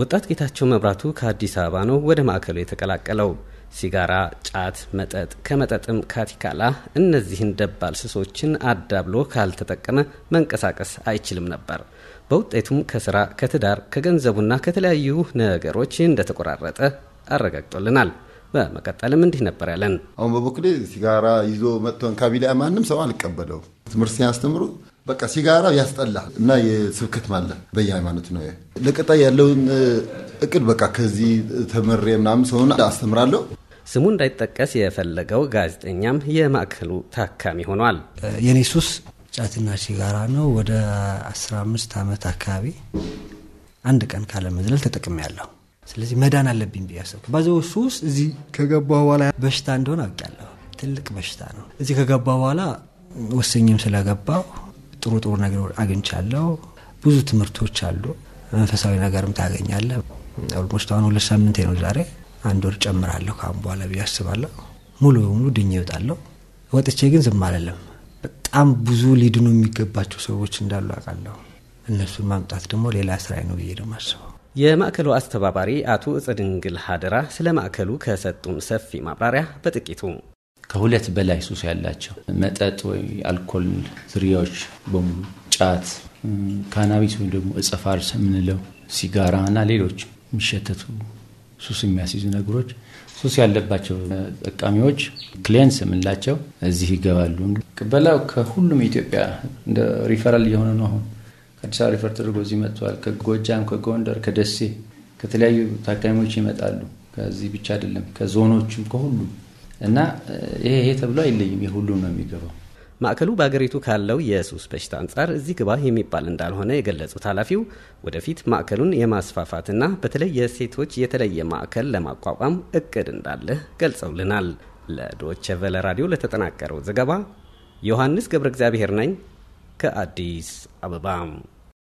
ወጣት ጌታቸው መብራቱ ከአዲስ አበባ ነው ወደ ማዕከሉ የተቀላቀለው። ሲጋራ፣ ጫት፣ መጠጥ ከመጠጥም ካቲካላ እነዚህን ደባል ስሶችን አዳብሎ ካልተጠቀመ መንቀሳቀስ አይችልም ነበር። በውጤቱም ከስራ ከትዳር፣ ከገንዘቡና ከተለያዩ ነገሮች እንደተቆራረጠ አረጋግጦልናል። በመቀጠልም እንዲህ ነበር ያለን። አሁን በበኩሌ ሲጋራ ይዞ መጥቶን ካቢላ ማንም ሰው አልቀበለው። ትምህርት ሲያስተምሩ በቃ ሲጋራ ያስጠላ እና የስብከት ማለ በየሃይማኖት ነው። ለቀጣይ ያለውን እቅድ በቃ ከዚህ ተመሬ ምናምን ሰሆን አስተምራለሁ። ስሙ እንዳይጠቀስ የፈለገው ጋዜጠኛም የማዕከሉ ታካሚ ሆኗል። የኔ ሱስ ጫትና ሲጋራ ነው። ወደ 15 ዓመት አካባቢ አንድ ቀን ካለመዝለል ተጠቅሜ ስለዚህ መዳን አለብኝ ብዬ አሰብኩ። ባዘው ሱስ እዚህ ከገባ በኋላ በሽታ እንደሆነ አውቄያለሁ። ትልቅ በሽታ ነው። እዚህ ከገባ በኋላ ወሰኝም ስለገባው ጥሩ ጥሩ ነገር አግኝቻለሁ። ብዙ ትምህርቶች አሉ። መንፈሳዊ ነገርም ታገኛለ። ኦልሞስት አሁን ሁለት ሳምንቴ ነው ዛሬ። አንድ ወር ጨምራለሁ ከአሁን በኋላ ብዬ አስባለሁ። ሙሉ በሙሉ ድኜ ይወጣለሁ። ወጥቼ ግን ዝም አለለም። በጣም ብዙ ሊድኑ የሚገባቸው ሰዎች እንዳሉ አውቃለሁ። እነሱን ማምጣት ደግሞ ሌላ ስራዬ ነው ብዬ ነው አስበው የማዕከሉ አስተባባሪ አቶ እጽድንግል ሀደራ ስለ ማዕከሉ ከሰጡን ሰፊ ማብራሪያ በጥቂቱ ከሁለት በላይ ሱስ ያላቸው መጠጥ ወይ አልኮል ዝርያዎች በሙሉ ጫት፣ ካናቢስ ወይም ደግሞ ዕፀ የምንለው ሲጋራ እና ሌሎች የሚሸተቱ ሱስ የሚያስይዙ ነገሮች ሱስ ያለባቸው ጠቃሚዎች ክሊየንስ የምንላቸው እዚህ ይገባሉ። ቅበላው ከሁሉም ኢትዮጵያ እንደ ሪፈራል እየሆነ ነው። አሁን ከአዲስ አበባ ሪፈር ተደርጎ እዚህ መጥተዋል ከጎጃም፣ ከጎንደር፣ ከደሴ ከተለያዩ ታካሚዎች ይመጣሉ። ከዚህ ብቻ አይደለም፣ ከዞኖችም ከሁሉም እና ይሄ ይሄ ተብሎ አይለይም። የሁሉም ነው የሚገባው። ማዕከሉ በአገሪቱ ካለው የሱስ በሽታ አንጻር እዚህ ግባ የሚባል እንዳልሆነ የገለጹት ኃላፊው ወደፊት ማዕከሉን የማስፋፋትና በተለይ የሴቶች የተለየ ማዕከል ለማቋቋም እቅድ እንዳለ ገልጸውልናል። ለዶቸ ቨለ ራዲዮ ለተጠናቀረው ዘገባ ዮሐንስ ገብረ እግዚአብሔር ነኝ ከአዲስ አበባ